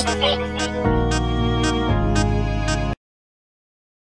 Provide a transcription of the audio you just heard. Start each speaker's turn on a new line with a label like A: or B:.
A: Thank you.